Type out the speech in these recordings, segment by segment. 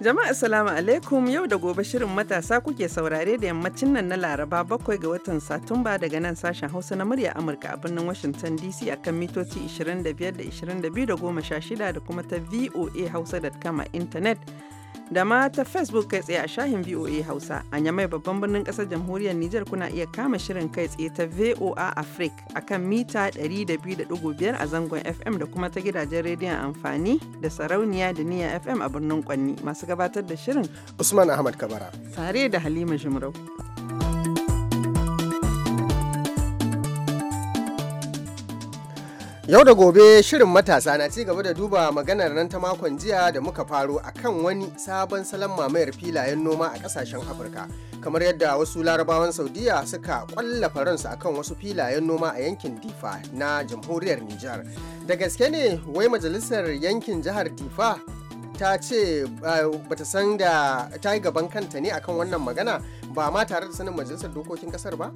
Jama'a salamu alaikum yau da gobe shirin matasa kuke saurare da yammacin nan na Laraba bakwai ga watan Satumba daga nan sashen Hausa na murya Amurka a birnin Washington DC akan mitoci 25 da 22 da 16 da kuma ta voahausa.com a intanet. da ma ta facebook kai tsaye a shahin voa hausa a nyamai babban birnin kasar jamhuriyar niger kuna iya kama shirin kai tsaye ta voa africa a kan mita 200.5 a zangon fm da kuma ta gidajen rediyon amfani da sarauniya da niya fm a birnin kwanni masu gabatar da shirin usman ahmad kabara tare da halima jimarau Yau da gobe shirin matasa na ci gaba da duba maganar nan ta makon jiya da muka faro akan wani sabon salon mamayar filayen noma a kasashen Afirka. Kamar yadda wasu larabawan Saudiya suka kwallafa ransu akan wasu filayen noma a yankin Difa na jamhuriyar Nijar. Da gaske ne wai majalisar yankin jihar Difa ta ce bata san da ta yi gaban kanta ne akan wannan magana ba ma tare da sanin majalisar dokokin kasar ba?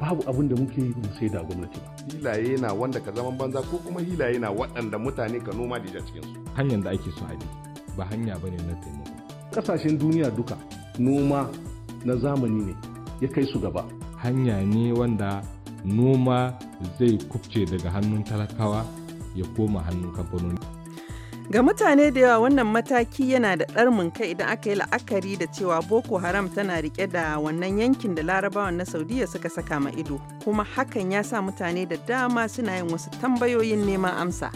babu abin da muke yi mu sai da gwamnati ba hilaye na wanda ka zaman banza ko kuma hilaye na waɗanda mutane ka noma da cikin su hanyar da ake so a bi ba hanya bane na taimako kasashen duniya duka noma na zamani ne ya kai su gaba hanya ne wanda noma zai kubce daga hannun talakawa ya koma hannun kamfanoni Ga mutane da yawa wannan mataki yana da ɗarmin kai idan aka yi la'akari da cewa Boko Haram tana rike da wannan yankin da larabawan na Saudiya suka saka ma ido, kuma hakan ya sa mutane da dama suna yin wasu tambayoyin neman amsa.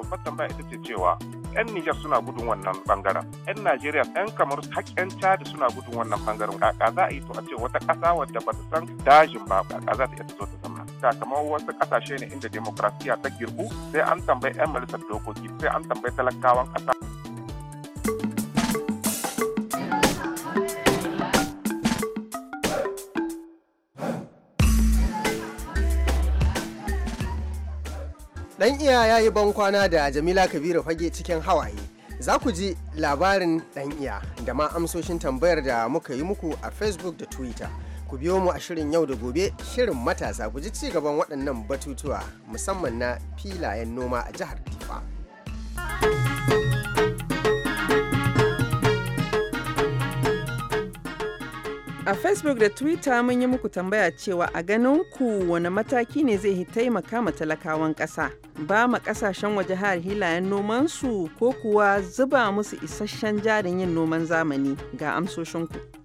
Babbar tambaya ita ce cewa 'yan Nijar suna gudun wannan bangaren, 'yan Najeriya, 'yan kamar haƙƙen Chad suna gudun wannan bangaren, ƙaƙa za a yi to a ce wata ƙasa wadda ba ta san dajin ba, ƙaƙa za ta iya ta zo ta zama. Amurka kamar wasu kasashe ne inda demokrasiya ta girku sai an tambayi 'yan majalisar dokoki sai an tambayi talakawan kasa Dan iya ya yi bankwana da Jamila Kabiru fage cikin hawaye. Za ku ji labarin dan iya da ma amsoshin tambayar da muka yi muku a Facebook da Twitter. ku biyo mu a shirin yau da gobe shirin matasa guji ci gaban waɗannan batutuwa musamman na filayen noma a jihar Tifa. A Facebook da Twitter mun yi muku tambaya cewa a ganin ku wani mataki ne zai taimaka ma talakawan ƙasa. Ba ma ƙasashen waje har hilayen nomansu ko kuwa zuba musu isasshen jarin yin noman zamani ga amsoshinku. ku.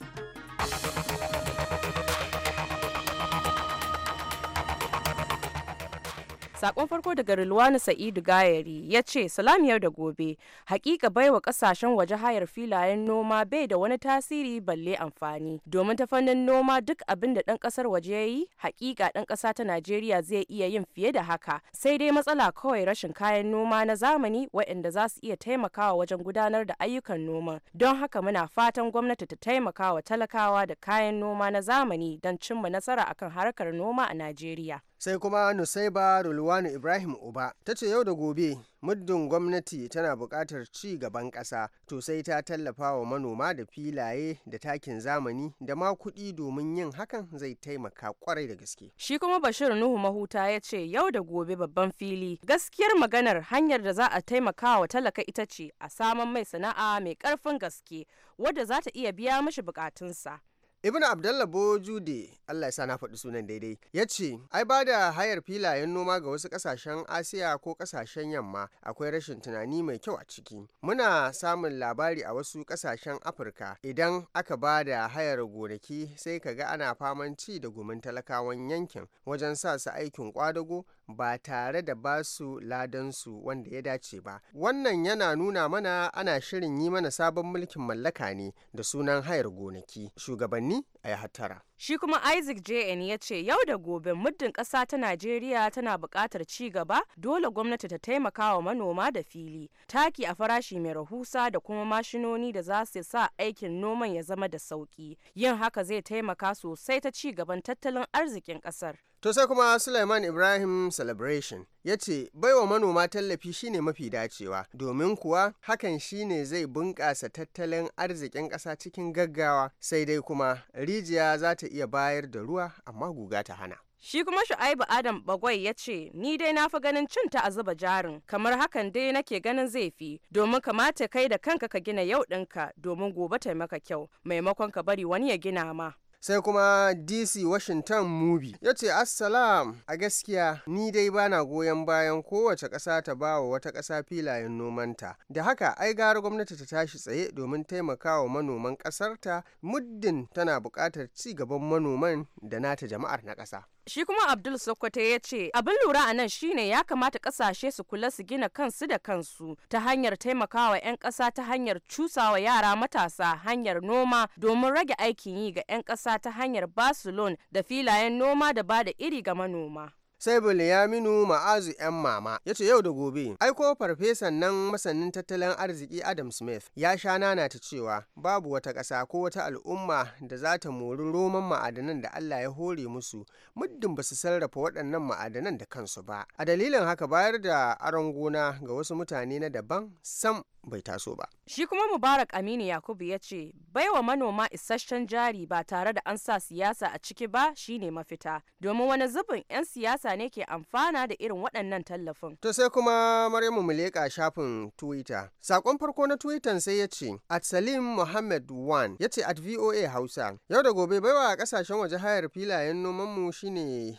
Sakon farko daga Rilwani Sa'idu Gayari ya ce salamiyar da gobe hakika baiwa kasashen waje hayar filayen noma bai da wani tasiri balle amfani domin ta fannin noma duk abin da dan kasar waje ya yi hakika dan kasa ta Najeriya zai iya yin fiye da haka sai dai matsala kawai rashin kayan noma na zamani waɗanda za su iya taimakawa wajen gudanar da ayyukan noma don haka muna fatan gwamnati ta taimakawa talakawa da kayan noma na zamani don cimma nasara akan harkar noma a Najeriya. sai kuma nusaiba rulwanu ibrahim uba ta ce yau da gobe muddin gwamnati tana buƙatar ci gaban ƙasa to sai ta tallafa wa manoma da filaye da takin zamani da ma kuɗi domin yin hakan zai taimaka kwarai da gaske shi kuma bashir nuhu mahuta ya ce yau da gobe babban fili gaskiyar maganar hanyar da za a taimaka wa talaka ita ce a saman mai sana'a mai ƙarfin gaske wadda za ta iya biya mashi bukatunsa. Ibn Abdallah Bojude, Allah ya sa na faɗi sunan daidai, ya ce, ai ba da hayar filayen noma ga wasu ƙasashen Asiya ko ƙasashen yamma akwai rashin tunani mai kyau a ciki. Muna samun labari a wasu ƙasashen Afirka idan aka ba da hayar gonaki sai ka ga ana faman ci da gumin talakawan yankin wajen sa su aikin kwadago ba tare da ba su ladansu wanda ya dace ba wannan yana nuna mana ana shirin yi mana sabon mulkin mallaka ne da sunan hayar gonaki shugabanni a hattara shi kuma isaac jn ya ce yau da gobe muddin ƙasa ta najeriya tana buƙatar ci gaba dole gwamnati ta taimaka wa manoma da fili taki a farashi mai rahusa da kuma mashinoni da za su sa aikin noman ya zama da sauƙi yin haka zai taimaka sosai ta ci gaban tattalin arzikin ƙasar To sai kuma Suleiman Ibrahim Celebration ya ce baiwa manoma tallafi shine mafi dacewa domin kuwa hakan shine zai bunƙasa tattalin arzikin ƙasa cikin gaggawa sai dai kuma rijiya za ta iya bayar da ruwa amma guga ta hana. Shi kuma Shu'aibu Adam Bagwai ya ce, Ni dai na fi ganin cin ta a zuba jarin, kamar hakan dai nake ganin zai fi, domin kamata kai da kanka ka gina yau ɗinka domin gobe maka kyau, maimakon ka bari wani ya gina ma. sai kuma dc washington mubi ya ce assalam a gaskiya ni dai bana goyon bayan kowace ƙasa ta ba wa wata ƙasa filayen nomanta da haka ai gara gwamnati ta tashi tsaye domin taimakawa manoman ƙasarta muddin tana buƙatar ci gaban manoman da nata jama'ar na ƙasa Shi kuma Abdul Sokoto ya ce abin lura a nan shine ya kamata kasashe su kula su gina kansu da kansu ta hanyar taimakawa 'yan ƙasa ta hanyar cusawa yara matasa hanyar noma domin rage aikin yi ga 'yan ƙasa ta hanyar basu loan da filayen noma da bada iri ga manoma. sai Bulyaminu Ma'azu 'yan mama ya ce yau da gobe. Aiko farfesan nan masanin tattalin arziki Adam Smith ya sha nana ta cewa babu wata ƙasa ko wata al'umma da za ta mori roman ma'adanan da Allah ya hore musu muddin ba su sarrafa waɗannan ma'adanan da kansu ba. A dalilin haka bayar da aron gona ga wasu mutane na daban sam bai taso ba. Shi kuma Mubarak Aminu Yakubu ya ce baiwa manoma isasshen jari ba tare da an sa siyasa a ciki ba shine mafita domin wani zubin 'yan siyasa ne ke amfana da irin waɗannan tallafin. To sai kuma Maryamu Muleka shafin Twitter. Sakon farko na Twitter sai ya ce at Salim Muhammad Wan ya ce at VOA Hausa yau da gobe baiwa a kasashen waje hayar filayen noman mu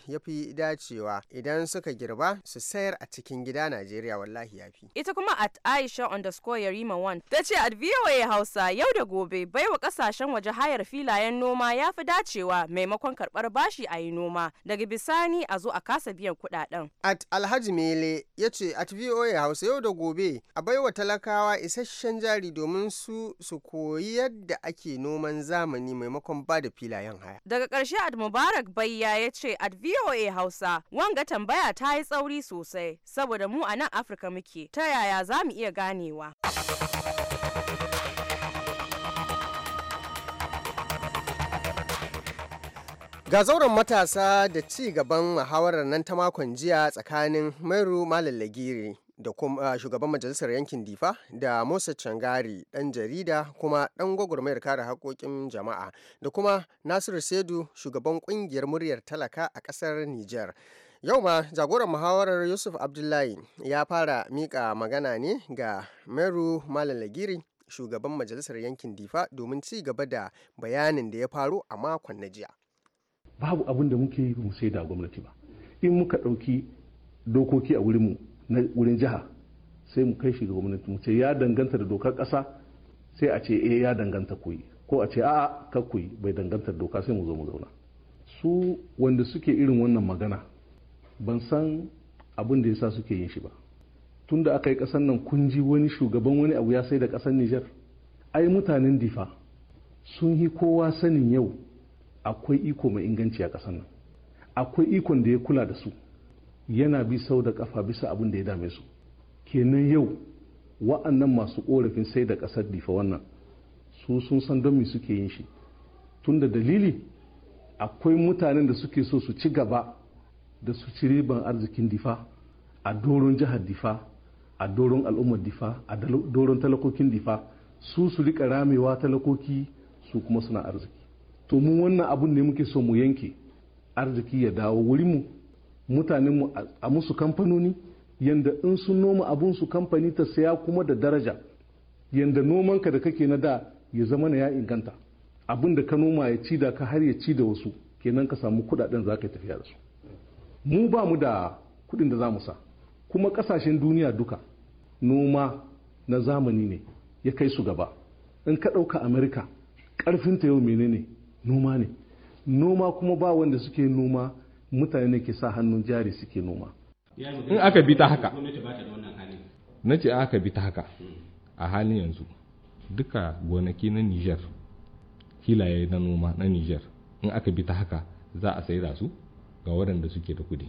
ya fi dacewa idan suka girba su sayar a cikin gida Najeriya wallahi ya fi. Ita kuma at Aisha underscore Yarima Wan ta ce a VOA Hausa yau da gobe baiwa kasashen waje hayar filayen noma ya fi dacewa maimakon karbar bashi a yi noma daga bisani a zo a kasa biyan kudaden. At Alhaji Mele ya ce at VOA Hausa yau da gobe a baiwa talakawa isasshen jari domin su su koyi yadda ake noman zamani maimakon ba da filayen haya. Daga ƙarshe Ad Mubarak Bayya ya ce at VOA Hausa wanga tambaya ta yi tsauri sosai saboda mu a nan Afirka muke ta yaya za mu iya ganewa. Ga zauren matasa da ci gaban muhawarar nan ta makon jiya tsakanin Mairu Malam Lagiri da kuma ah, shugaban majalisar yankin Difa da Musa Cangari dan jarida kuma dan gwagwarmayar kare haƙoƙin jama'a da kuma Nasiru Sedu shugaban kungiyar muryar talaka a ƙasar Nijar. Yau ma jagoran muhawarar Yusuf Abdullahi ya fara mika magana ne ga Meru Malalagiri shugaban majalisar yankin Difa domin ci gaba da bayanin da ya faru a makon na jiya. Babu abin da muke yi mu sai da gwamnati ba. In muka ɗauki dokoki a wurinmu na wurin jiha sai mu kai shi ga gwamnati mu ce ya danganta da dokar ƙasa sai a ce eh ya danganta ku ko a ce a'a kakkoyi bai danganta doka sai mu zo mu zauna. Su wanda suke irin wannan magana ban san abin da yasa suke yin shi ba tun da aka yi ƙasar nan kun ji wani shugaban wani abu ya sai da ƙasar Nijar ai mutanen difa sun yi kowa sanin yau akwai iko mai inganci a ƙasar nan akwai ikon da ya kula da su yana bi sau da ƙafa bisa abin da ya dame su kenan yau wa'annan masu korafin sai da ƙasar difa wannan su sun san don me suke yin shi tun da dalili akwai mutanen da suke so su ci gaba da su ci riban arzikin difa a doron jihar difa a doron al'ummar difa a doron talakokin difa su su rika ramewa talakoki su kuma suna arziki to mu wannan abun ne muke so mu yanke arziki ya dawo wuri wurinmu mutanenmu a musu kamfanoni yanda in sun noma abun su kamfani ta saya kuma da daraja yanda nomanka da kake na da ya zama na ya inganta abun da ka noma ya ci da ka har ya ci da wasu kenan ka samu kudaden za ka tafiya da su mu ba mu da kudin da za mu sa kuma ƙasashen duniya duka noma na zamani ne ya kai su gaba in ka ɗauka amerika ƙarfinta yau menene noma ne noma kuma ba wanda suke noma mutane ne ke sa hannun jari suke noma in aka bi ta haka na ce aka bi ta haka a halin yanzu duka gonaki na niger hilaye na noma na niger in aka bi ta haka za a saida su ga waɗanda suke da kuɗi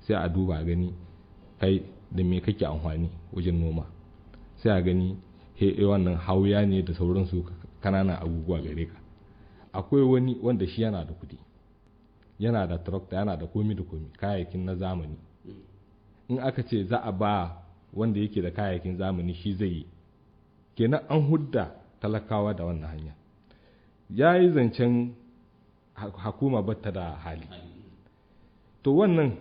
sai a duba a gani kai da me kake amfani wajen noma sai a gani he eh, wannan hauya ne da sauransu kananan abubuwa gare ka akwai wani wanda shi yana da kuɗi yana da tarakta yana da komi da komi kayayyakin na zamani in aka ce za a ba wanda yake da kayayyakin zamani shi zai yi kenan an hudda talakawa da wannan hanya ya yi zancen hakuma batta da hali to wannan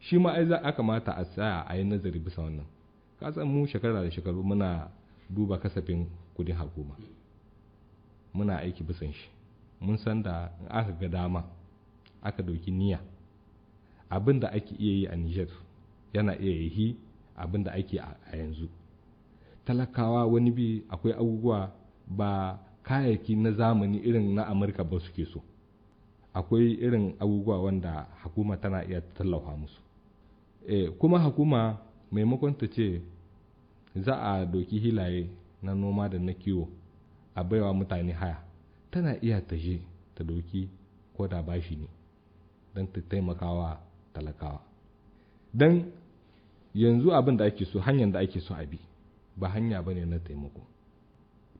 shi ma za a kamata a tsaya a yi nazari bisa wannan ka mu shekara da shekaru muna duba kasafin kudin hukuma muna aiki bisan shi mun san da aka ga dama aka dauki niyya abin da ake iya yi a Niger yana iya yi abin da ake a yanzu talakawa wani bi akwai abubuwa ba kayayyaki na zamani irin na amurka ba suke so akwai irin abubuwa wanda hakuma tana iya tallafa musu e, kuma hakuma maimakon ta ce za a doki hilaye na noma da na kiwo a baiwa mutane haya tana iya ta je ta doki ko da bashi ne don ta taimakawa talakawa don yanzu abin da ake so hanyar da ake so a bi ba hanya ne na taimako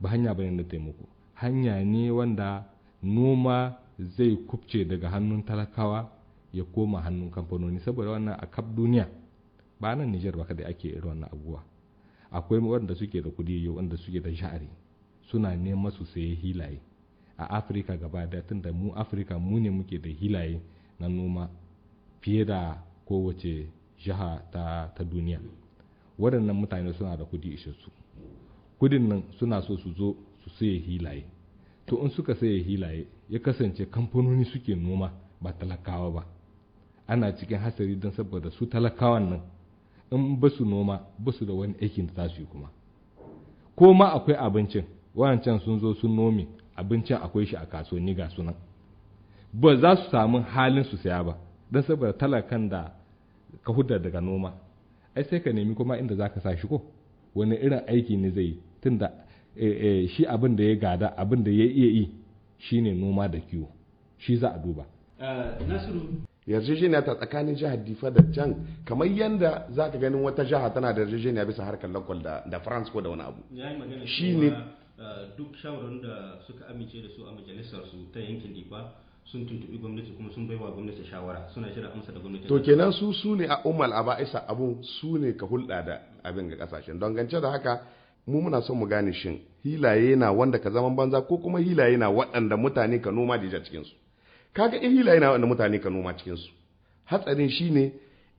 ba hanya bane na taimako hanya ne wanda noma zai kubce daga hannun talakawa ya koma hannun kamfanoni saboda wannan a kaf duniya ba nan Nijar ba kada ake irin wannan abubuwa akwai waɗanda suke da kudi wanda suke da sha'ari suna neman su sayi hilaye a Afirka gaba da tunda mu Afirka mu ne muke da hilaye na noma fiye da kowace jiha ta, duniya waɗannan mutane suna da kuɗi isassu kudin nan suna so su zo su sayi hilaye to in suka saye hilaye ya kasance kamfanoni suke noma ba talakawa ba ana cikin hasari don saboda su talakawan nan in ba su noma ba su da wani aikin da su yi kuma ko ma akwai abincin wancan sun zo sun nome abincin akwai shi a kasuwanni ga sunan ba za su samu halin su saya ba don saboda talakan da ka hudda daga noma ai sai ka nemi kuma inda za ka sa shi ko wani irin aiki ne zai yi tunda Eh, eh, shi abin da ya gada abin da ya iya yi shine noma da kiwo shi za a duba eh, yarjejeniya ta tsakanin jihar difa da jan kamar yadda za ka ganin wata jiha tana da yarjejeniya bisa harkar lakwal da france ko da wani abu shi ne duk shawarar da suka amince da su a majalisar su ta yankin difa sun tuntubi gwamnati kuma sun baiwa gwamnati shawara suna shirin amsa da gwamnati to kenan su su ne a umar isa abu su ne ka hulɗa da abin ga kasashen don gance da haka mu muna son mu gane shin hilaye na wanda ka zaman banza ko kuma hilaye na waɗanda mutane ka noma da cikin su kaga in hilaye na waɗanda mutane ka noma cikin su hatsarin shine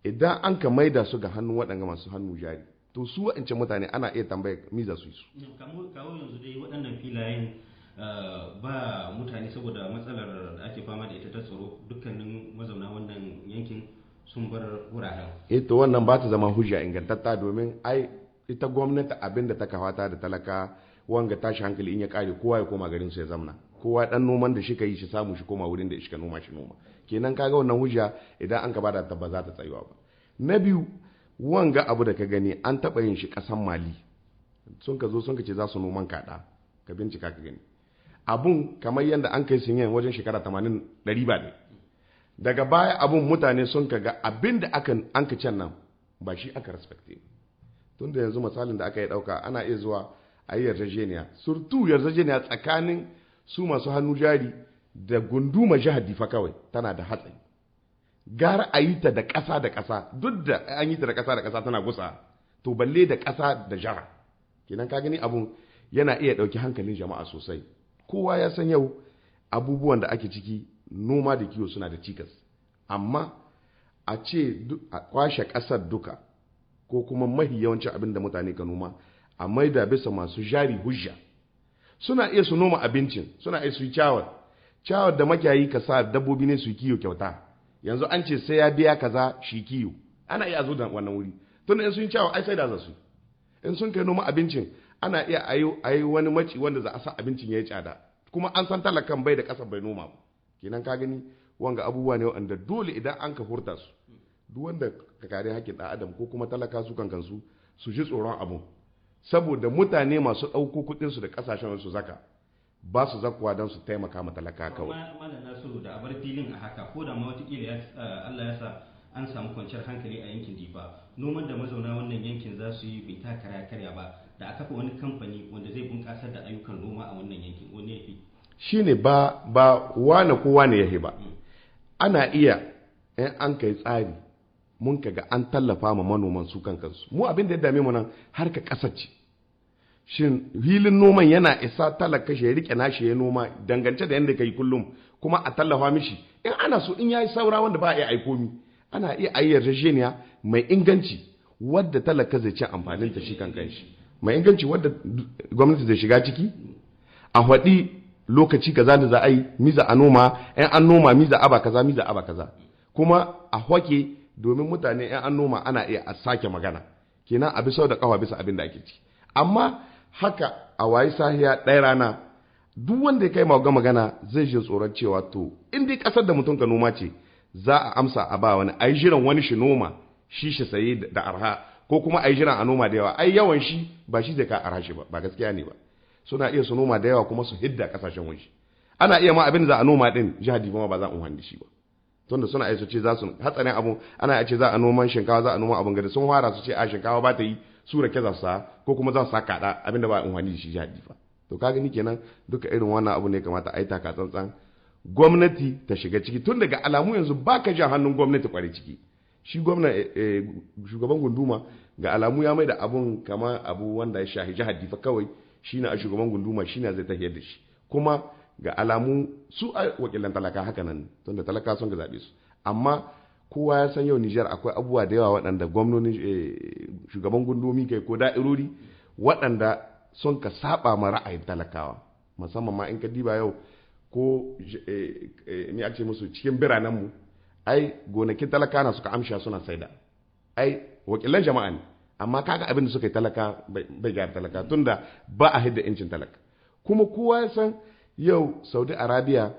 idan an ka maida su ga hannun waɗanda masu hannu jari to su wa'ance mutane ana iya tambaya mi za su yi su kawo yanzu dai waɗannan filayen ah, ba mutane saboda matsalar da ake fama da ita ta tsaro dukkanin mazauna wannan yankin sun bar wuraren eh to wannan ba ta zama hujja ingantatta domin ai ita gwamnati abin da ta kafata da talaka wanga tashi hankali in ya kare kowa ya koma garin sai ya zamna kowa dan noman da shi yi shi samu shi koma wurin da shi ka noma shi noma kenan kaga wannan hujja idan an ka bada ta ba za ta tsayuwa ba na biyu wanga abu da ka gani an taba yin shi kasan mali sun ka zo sun ka ce za su noman kaɗa ka bincika ka gani abun kamar yadda an kai sinyan wajen shekara 80 ɗari ba ne daga baya abun mutane sun ka ga abin da an ka can nan ba shi aka respecte tunda yanzu misalin da aka yi dauka ana iya zuwa a yi yarjejeniya surtu yarjejeniya tsakanin su masu hannu jari da gunduma jihar difa kawai tana da hatsari gara a yi ta da ƙasa da ƙasa duk da an yi ta da ƙasa da ƙasa tana gusa to balle da ƙasa da jihar. kenan ka gani abun yana iya ɗauki hankalin jama'a sosai kowa ya san yau abubuwan da ake ciki noma da kiwo suna da cikas amma a ce a kwashe ƙasar duka ko kuma mahi yawancin abin da mutane ka noma a maida bisa masu jari hujja suna iya su noma abincin suna iya su yi cawar. Cawar da makiyayi ka sa dabbobi ne su kiyo kyauta yanzu an ce sai ya biya kaza shi kiyo ana iya zo da wannan wuri tun in sun cawar, ai sai da za su in sun kai noma abincin ana iya a yi wani maci wanda za a sa abincin ya yi tsada kuma an san talakan bai da ƙasa bai noma kenan ka gani wanga abubuwa ne wanda dole idan an ka furta su duk wanda ka kare haƙƙin ɗan adam ko kuma talaka su kan kansu su ji tsoron abun saboda mutane masu ɗauko kuɗinsu da ƙasashen su zaka ba su zakuwa don su taimaka ma talaka kawai. Malam Nasiru da abar filin a haka ko da ma ya eh, Allah ya sa an samu kwanciyar hankali a yankin Difa noman da mazauna wannan yankin za su yi bai ta karya ba da a kafa wani kamfani wanda zai bunƙasar da ayyukan noma a wannan yankin wani ya fi. Shi ne ba ba wane ko wane ya ba mm. ana iya in an kai tsari mun kaga an tallafa ma manoman su kan kansu mu abin da ya dame mu nan har ka kasar ce shin hilin noman yana isa talaka shi ya rike nashi ya noma dangance da yadda kai kullum kuma a tallafa mishi in ana so in yayi saura wanda ba a iya aiko mi ana iya ayyar rajeniya mai inganci wadda talaka zai ci amfanin ta shi kan kanshi mai inganci wadda gwamnati zai shiga ciki a faɗi lokaci kaza da za a yi miza a noma in an noma miza aba kaza miza aba kaza kuma a hwake domin mutane yan an noma ana iya a sake magana kenan a bisa da kawa bisa abin da ake ci amma haka a wayi sahiya ɗaya rana duk wanda ya kai ga magana zai ji tsoron cewa to in dai ƙasar da mutum ka noma ce za a amsa a ba wani ai jiran wani shi noma shi shi sayi da arha ko kuma ai jiran a noma da yawa ai yawan shi ba shi zai ka arha shi ba ba gaskiya ne ba suna iya su noma da yawa kuma su hidda kasashen waje ana iya ma abin da za a noma din jihar Dibama ba za a umarni shi ba tunda suna ai su ce za su hatsarin abu ana ce za a noman shinkawa za a noman abin gari sun fara su ce a shinkawa ba ta yi su rake za su sa ko kuma za su sa kada abinda ba amfani da shi jadi fa to ka gani kenan duka irin wannan abu ne kamata a yi taka tsantsan gwamnati ta shiga ciki tun daga alamu yanzu ba ka jan hannun gwamnati kwari ciki shi gwamna eh, eh, shugaban gunduma ga alamu ya mai da abun kama abu wanda ya shahi jihadi fa kawai shine a shugaban gunduma shine zai tafiyar da shi kuma ga alamu su a wakilan talaka haka nan tunda talaka sun ga zaɓe su amma kowa ya san yau Nijar akwai abubuwa da yawa waɗanda eh, shugaban shugaban ka kai ko da'irori waɗanda sun ka saba ma ra'ayin talakawa musamman ma in ka diba yau ko eh, eh, ni a ce musu cikin biranen mu ai gonakin talaka na suka amsha suna saida ai wakilan jama'a ne amma kaga abin da suka yi talaka bai gyara talaka tunda ba a hidda incin talaka kuma kowa ya san yau saudi arabia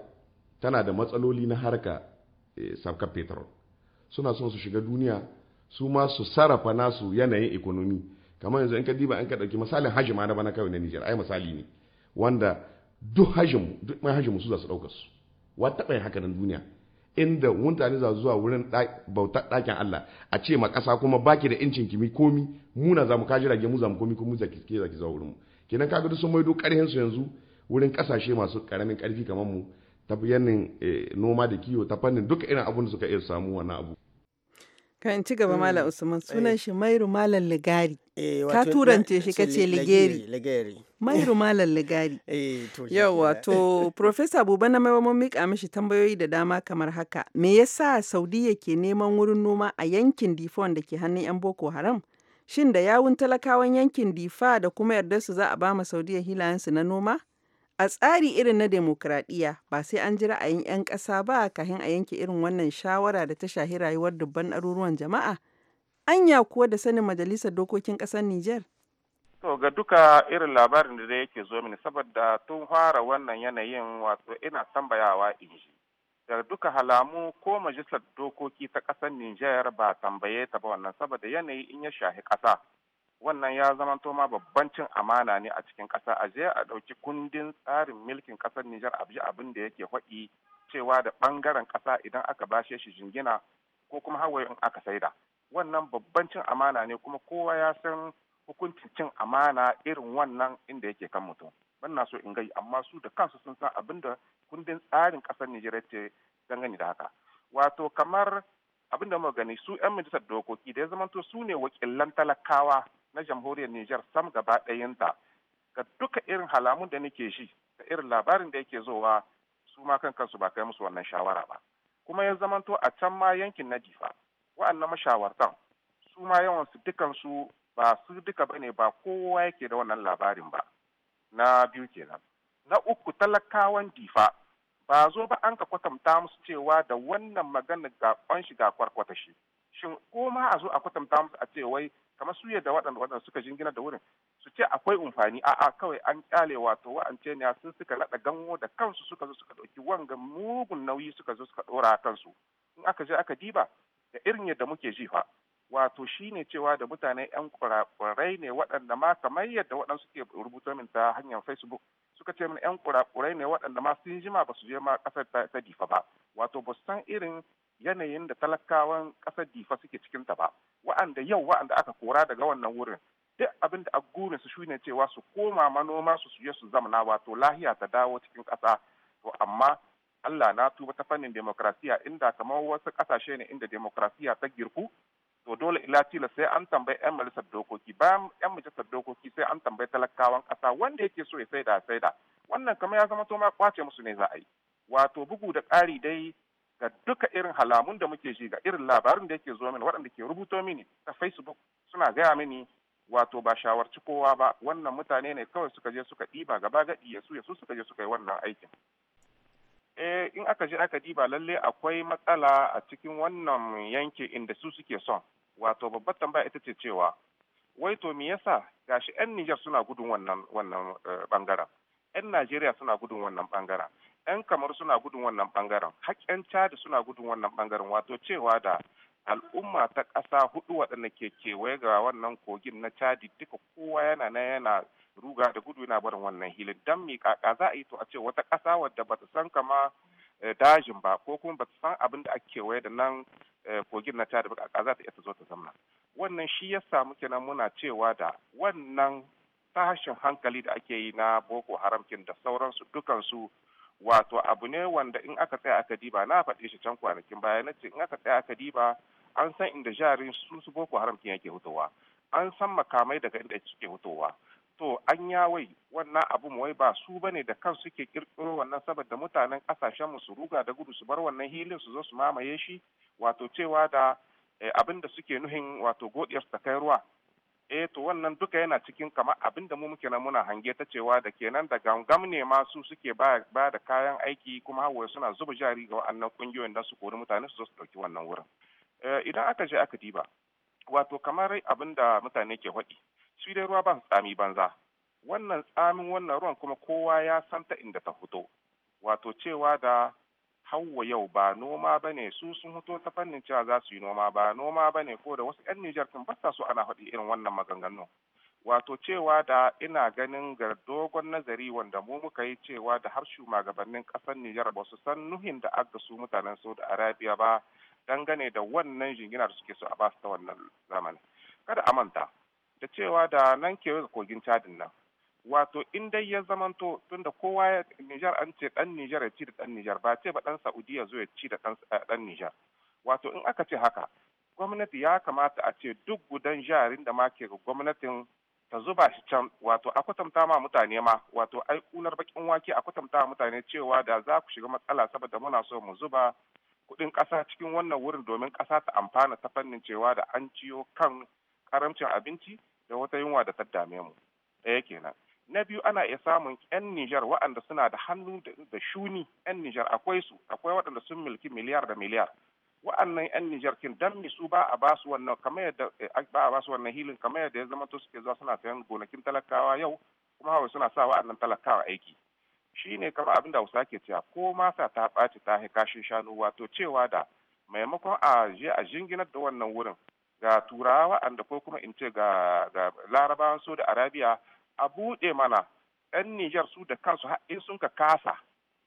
tana da matsaloli na harka eh, saukar petrol suna son su shiga duniya su ma su sarrafa nasu yanayin ikonomi kamar yanzu in ka diba in ka ɗauki misalin hajji ma na bana kawai na nijar ai misali ne wanda duk hajji duk mai hajjin su za su ɗauka su wa taɓa yin haka nan duniya inda mutane za zuwa wurin bautar ɗakin Allah a ce ma ƙasa kuma baki da incin kimi komi muna za mu kaji rage mu za mu komi kuma za ki zuwa wurin mu kenan kaga duk sun maido ƙarhin su yanzu wurin kasashe masu karamin karfi kamar mu ta fannin eh, noma da kiwo ta fannin duka irin abun da suka iya samu wannan abu kan ci gaba mm, malam usman eh. sunan shi mairu malam ligari eh, ka turance shi kace ligeri mairu malam ligari yau to professor buba na maiwa mun mika mishi tambayoyi da dama kamar haka me yasa saudiya ke neman wurin noma a yankin difon da ke hannun yan boko haram shin da yawun talakawan yankin difa da kuma yarda su za a ba ma saudiya hilayensu na noma A tsari irin na dimokuraɗiyya, ba sai an ji ra'ayin 'yan ƙasa ba kafin a yanke irin wannan shawara da ta shahi rayuwar dubban ɗaruruwan jama'a. Anya kuwa da sanin Majalisar Dokokin Ƙasar Nijar? To ga duka irin labarin da yake zo mini saboda tun fara wannan yanayin wato ina tambayawa in ji. Da duka halamu ko majalisar dokoki ta ƙasar Nijar ba tambaye ta ba wannan saboda yanayi in ya shahi ƙasa wannan ya zamanto ma babban cin amana ne a cikin kasa a je a ɗauki kundin tsarin milkin ƙasar Nijar a ji abin da yake haɗi cewa da ɓangaren kasa idan aka bashe shi jingina ko kuma hawaye in aka saida wannan babban cin amana ne kuma kowa ya san hukuncin cin amana irin wannan inda yake kan mutum ban na so in gai amma su da kansu sun san abin da kundin tsarin ƙasar Nijar ce dangane da haka wato kamar abin da muka gani su 'yan majalisar dokoki da ya zamanto su ne wakilan talakawa na jamhuriyar Nijar sam gaba ɗayanta ga duka irin halamun da nake shi da irin labarin da yake zowa su ma kan kansu ba kai musu wannan shawara ba kuma ya zamanto a can ma yankin na difa wa'annan mashawartan su ma yawan su dukan su ba su duka bane ba kowa yake da wannan labarin ba na biyu kenan na uku talakawan difa ba zo ba an ka kwatanta musu cewa da wannan magana ga kwan shiga kwarkwata shi shin ko ma a zo a kwatanta musu a ce wai kamar su yadda waɗanda waɗanda suka jingina da wurin su ce akwai umfani a'a kawai an kyale wato wa'ance ne sun suka naɗa ganwo da kansu suka zo suka ɗauki wanga mugun nauyi suka zo suka ɗora kansu in aka je aka diba da irin yadda muke ji fa wato shine cewa da mutane yan kurakurai ne waɗanda ma kamar yadda waɗanda ke rubuta min ta hanyar facebook suka ce min yan kurakurai ne waɗanda ma sun jima ba su je ma ƙasar ta difa ba wato ba san irin yanayin da talakawan ƙasar difa suke cikin ta ba wa'anda yau wa'anda aka kora daga wannan wurin duk abin da agurin su shine cewa su koma manoma su suje su zamana wato lahiya ta dawo cikin ƙasa to amma Allah na tuba ta fannin demokrasiya inda kamar wasu ƙasashe ne inda demokrasiya ta girku to dole ila tilas sai an tambayi 'yan majalisar dokoki bayan 'yan majalisar dokoki sai an tambayi talakawan ƙasa wanda yake so ya saida saida wannan kamar ya zama to ma kwace musu ne za a yi wato bugu da ƙari dai ga duka irin halamun da muke ji ga irin labarin da yake zo mini waɗanda ke rubuto mini ta facebook suna gaya mini wato ba shawarci kowa ba wannan mutane ne kawai suka je suka ɗiba gaba gaɗi ya su ya suka je suka yi wannan aikin eh in aka je aka ɗiba lalle akwai matsala a cikin wannan yanki inda su suke son wato babbar tambaya ita ce cewa wai to me yasa gashi 'yan Nijar suna gudun wannan wannan bangaren eh, 'yan Najeriya suna gudun wannan bangaren 'yan kamar suna gudun wannan bangaren haƙƙen cadi suna gudun wannan bangaren wato cewa da al'umma ta kasa hudu waɗanda ke kewaye ga wannan kogin na cadi duka kowa yana na yana ruga da gudu yana barin wannan hilin dan mi kaka za a yi to a ce wata ƙasa wadda bata san kama eh, dajin ba ko kuma bata san abin da ake kewaye da nan eh, kogin na cadi ba ka za ta iya ta zo ta zamna wannan shi ya samu kenan muna cewa da wannan tashin hankali da ake yi na boko haram kin da sauransu dukansu wato abu ne wanda in aka tsaya aka diba na faɗe shi can kwanakin baya na ce in aka tsaya aka diba an san inda jarin su su boko haram kin yake fitowa an san makamai daga inda suke hutowa to an yawai wannan abun wai ba su bane da kan suke kirkiro wannan saboda mutanen kasashen mu su ruga da gudu su bar wannan hilin su zo su mamaye shi wato cewa da eh, abin da suke nuhin wato godiyar ta kai ruwa eh to wannan duka yana cikin kamar abin mu muke nan muna hange ta cewa da kenan da gangam ne ma su suke ba da kayan aiki kuma hawa suna zuba jari ga wa'annan kungiyoyin da su kori mutane su zo su dauki wannan wurin eh, idan aka je aka diba wato kamar abin da mutane ke faɗi su dai ruwa ba tsami banza wannan tsamin wannan ruwan kuma kowa ya san ta inda ta fito wato cewa da Hauwa yau ba noma ba ne su sun hoto ta fannin cewa za su yi noma ba noma ba ne ko da wasu 'yan Nijar sun basta su ana faɗi irin wannan maganganu. Wato cewa da ina ganin ga dogon nazari wanda mu muka yi cewa da har shugabannin ƙasar Nijar ba su san nuhin da aka su mutanen Saudi Arabia ba dangane da wannan jingina da suke so a basu ta wannan zamani. Kada a manta da cewa da nan kewaye ga kogin cadin nan wato in dai ya zamanto tunda kowa ya Nijar an ce dan Nijar ya ci da dan Nijar ba ce ba dan Saudiya zo ya ci da dan eh, Nijar wato in aka ce haka gwamnati ya kamata a ce duk gudan jarin da ma ke gwamnatin ta zuba shi can wato a kwatanta ma mutane ma wato ai kunar bakin wake a kwatanta mutane cewa da za ku shiga matsala saboda muna so mu zuba kuɗin ƙasa cikin wannan wurin domin kasa ta amfana ta fannin cewa da an ciyo kan karamcin abinci da wata yunwa da ta dame mu ɗaya kenan na biyu ana iya samun 'yan Nijar waɗanda suna da hannu da shuni 'yan Nijar akwai su akwai waɗanda sun milki miliyar da miliyar wa'annan 'yan Nijar kin dan mi su ba a ba su wannan kamar yadda eh, ba a ba su wannan hilin kamar yadda ya zama to suke zuwa suna sayan gonakin talakawa yau kuma hawa suna sa wa'annan talakawa aiki shine kamar abin da Hausa ke cewa ko masa ta ɓaci ta kashin shanu wato cewa da maimakon a je a jinginar da wannan wurin ga turawa wa'anda ko kuma in ce ga larabawan saudi arabiya a buɗe mana 'yan Nijar su da kansu in sun ka kasa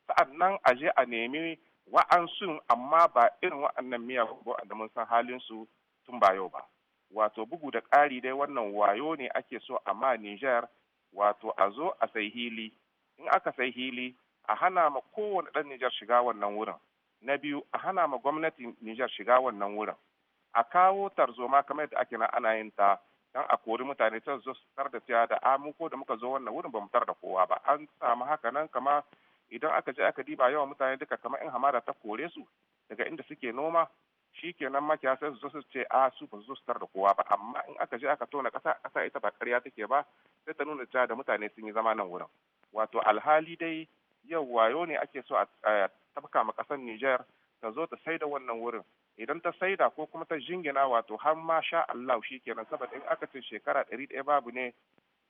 sa'annan a je a nemi wa'ansu amma ba irin wa'annan miya ba mun san halin su tun ba yau ba wato bugu da ƙari dai wannan wayo ne ake so amma Nijar wato a zo a sai hili in aka sai hili a hana ma kowane ɗan Nijar shiga wannan wurin na biyu a hana ma gwamnatin Nijar shiga wannan wurin a kawo tarzoma kamar yadda ake na ana yin ta dan a kori mutane ta zo su tar da ta da amu ah, ko da muka zo wannan wurin ba mu tar da kowa ba an samu haka nan kama idan aka je aka diba yawan mutane duka kamar in hamada ta kore su daga inda suke noma shi kenan makiya sai su su ce a ah, su ba su tar da kowa ba amma in aka je aka tona kasa kasa ita ba ƙarya take ba sai ta nuna cewa da mutane sun yi zama nan wurin wato alhali dai yau wayo ne ake so a tafka ma ƙasar Nijar ta zo ta sai da wannan wurin idan ta saida ko kuma ta jingina wato har ma sha Allah shi kenan saboda in aka ce shekara ɗari ɗaya babu ne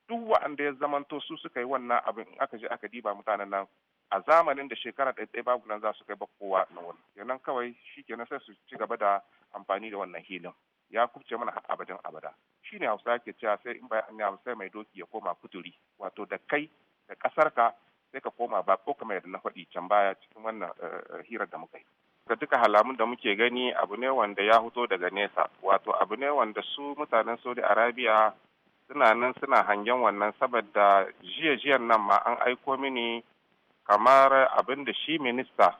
duk wa'anda ya zamanto su suka yi wannan abin in aka je aka diba mutanen nan a zamanin da shekara ɗaya ɗaya babu nan za su kai ba kowa na wannan kenan kawai shi kenan sai su ci gaba da amfani da wannan hilin ya kubce mana abadin abada Shi ne hausa ke cewa sai in bayan an sai mai doki ya koma kuturi wato da kai da ƙasarka sai ka koma ba ko kamar yadda na faɗi can baya cikin wannan eh, hirar da muka yi ga duka halamun da muke gani abu ne wanda ya huto daga nesa wato abu ne wanda su mutanen saudi arabia suna nan suna hangen wannan saboda jiya jiyan nan ma an aiko mini kamar abin da shi minista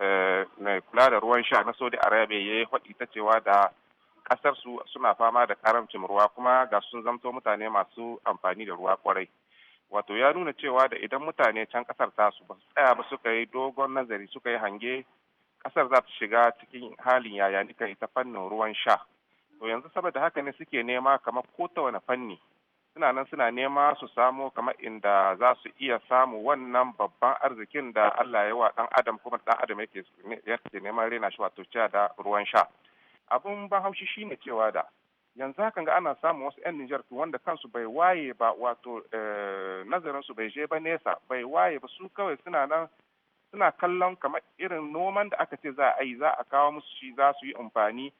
eh, mai kula da ruwan sha na saudi arabia ya yi haɗi ta cewa da ƙasar su suna fama da karamcin ruwa kuma ga sun zamto mutane masu amfani da ruwa kwarai wato ya nuna cewa da idan mutane can ƙasar tasu ba su tsaya ba suka yi dogon nazari suka yi hange kasar za ta shiga cikin halin yaya nika ita fannin ruwan sha to yanzu saboda haka ne suke nema kamar ko ta wani fanni suna nan suna nema su samo kamar inda za su iya samu wannan babban arzikin da Allah ya wa dan adam kuma dan adam yake yake neman rena shi wato cewa da ruwan sha abun ban haushi shine cewa da yanzu hakan ga ana samun wasu 'yan Nijar wanda kansu bai waye ba wato eh, nazarin su bai je ba nesa bai waye ba su kawai suna nan suna kallon kamar irin noman da aka ce za a yi za a kawo musu shi za su yi amfani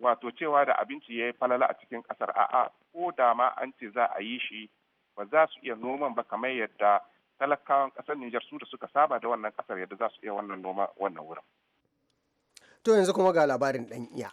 wato cewa da abinci ya yi falala a cikin ƙasar a'a ko da ma an ce za a yi shi ba za su iya noman ba kamar yadda talakawan ƙasar Nijar su da suka saba da wannan ƙasar yadda za su iya wannan noma wannan wurin. To yanzu kuma ga labarin ɗan iya.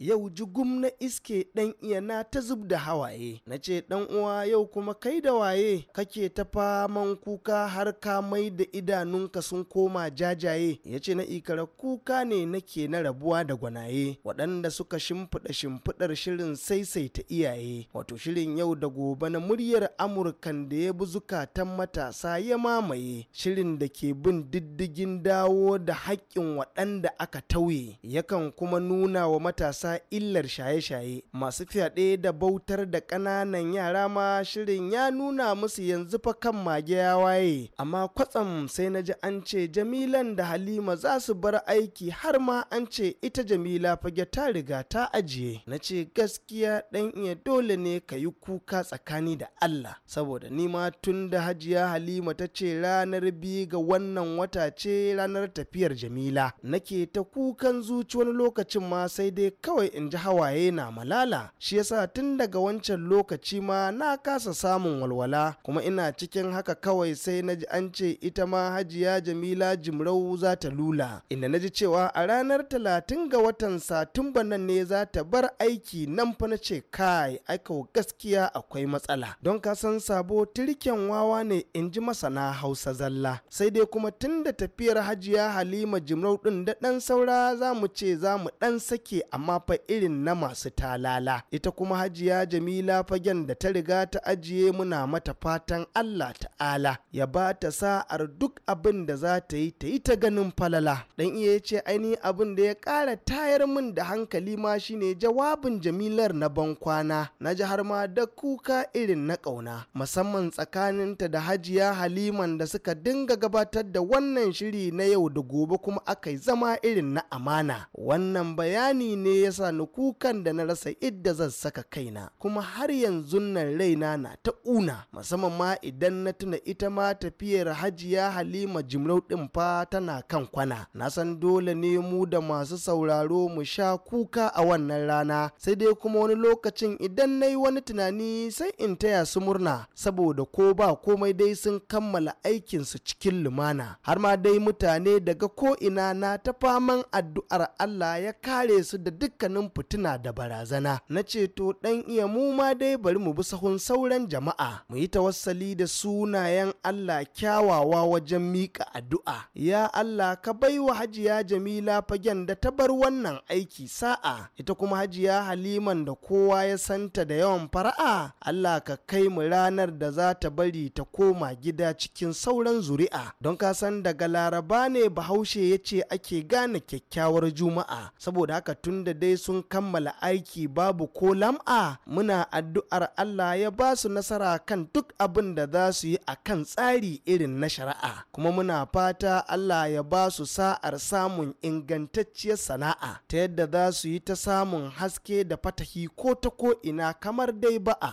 yau gum na iske ɗan iyana ta zub da hawaye na ce ɗan uwa yau kuma kai da waye kake ta faman kuka har ka mai da idanunka sun koma jajaye ya ce na ikara kuka ne nake na rabuwa da gwanaye waɗanda suka shimfiɗa shimfiɗar shirin saisaita iyaye wato shirin yau da gobe na muryar amurkan da ya bi zukatan matasa ya mamaye shirin da ke bin diddigin dawo da haƙƙin waɗanda aka tauye yakan kuma nuna wa matasa matasa illar shaye-shaye masu fyaɗe da bautar da ƙananan yara ma shirin ya nuna musu yanzu fa kan mage ya waye amma kwatsam sai na ji an ce jamilan da halima za su bar aiki har ma an ce ita jamila fage ta riga ta ajiye na ce gaskiya ɗan iya dole ne ka yi kuka tsakani da allah saboda ni ma tun da hajiya halima ta ce ranar biyu ga wannan wata ce ranar tafiyar jamila nake ta kukan zuci wani lokacin ma sai dai kawai kawai in ji hawaye na malala shi yasa tun daga wancan lokaci ma na kasa samun walwala kuma ina cikin haka kawai sai na ji an ce ita ma hajiya jamila jimrau za ta lula inda na ji cewa a ranar talatin ga watan satumba nan ne za ta bar aiki nan fa na ce kai aika gaskiya akwai matsala don ka san sabo tirken wawa ne in ji masana hausa zalla sai dai kuma tun da tafiyar hajiya halima jimrau din da dan saura za mu ce za mu dan sake amma fa irin na masu talala ita kuma hajiya jamila fagen da ta riga ta ajiye muna mata fatan allah ta'ala ya ba ta sa'ar duk abin da za ta yi ta yi ta ganin falala dan iya ce aini abin da ya ƙara tayar min da hankali ma shine jawabin jamilar na bankwana na ji har ma da kuka irin na ƙauna musamman tsakaninta da hajiya haliman da suka dinga gabatar da wannan shiri na yau da gobe kuma aka yi zama irin na amana wannan bayani ne ya sa ni kukan da na rasa idda zan saka kaina kuma har yanzu nan raina na ta una musamman ma idan na tuna ita ma tafiyar hajiya halima jimrau din fa tana kan kwana na san dole ne mu da masu sauraro mu sha kuka a wannan rana sai dai kuma wani lokacin idan na yi wani tunani sai in taya su murna saboda ko ba komai dai sun kammala aikin su cikin lumana har ma dai mutane daga ko ina na ta faman addu'ar Allah ya kare su da dukkan dukkanin fitina da barazana na ceto ɗan iya mu ma dai bari mu bi sahun sauran jama'a mu yi tawassali da sunayen Allah kyawawa wajen miƙa addu'a ya Allah ka baiwa hajiya Jamila fagen da ta bar wannan aiki sa'a ita kuma hajiya Haliman da kowa ya santa da yawan fara'a Allah ka kai mu ranar da za ta bari ta koma gida cikin sauran zuri'a don ka san daga laraba ne bahaushe ya ce ake gane kyakkyawar juma'a saboda haka tun da dai dai sun kammala aiki babu ko lam'a muna addu'ar Allah ya ba su nasara kan duk abin da za su yi a kan tsari irin na shari'a kuma muna fata Allah ya ba su sa'ar samun ingantacciyar sana'a ta yadda za su yi ta samun haske da fatahi ko ta ko ina kamar dai ba'a.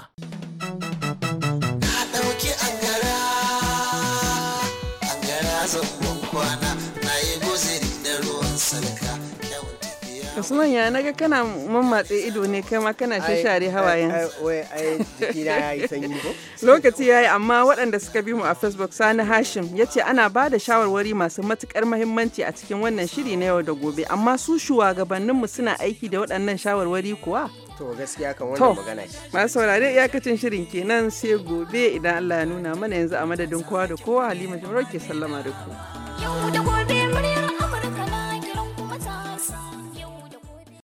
Angara, na yi da ruwan sarka. Usman ya ga kana mammatse ido ne kai ma kana shashare hawayen. Lokaci ya yi amma waɗanda suka bi mu a Facebook Sani Hashim ya ce ana ba da shawarwari masu matukar mahimmanci a cikin wannan shiri na yau da gobe amma su shugabanninmu suna aiki da waɗannan shawarwari kuwa. To gaskiya kan wannan magana ce. Masu saurare iyakacin shirin kenan sai gobe idan Allah ya nuna mana yanzu a madadin kowa da kowa Halima Jumrau ke sallama da ku.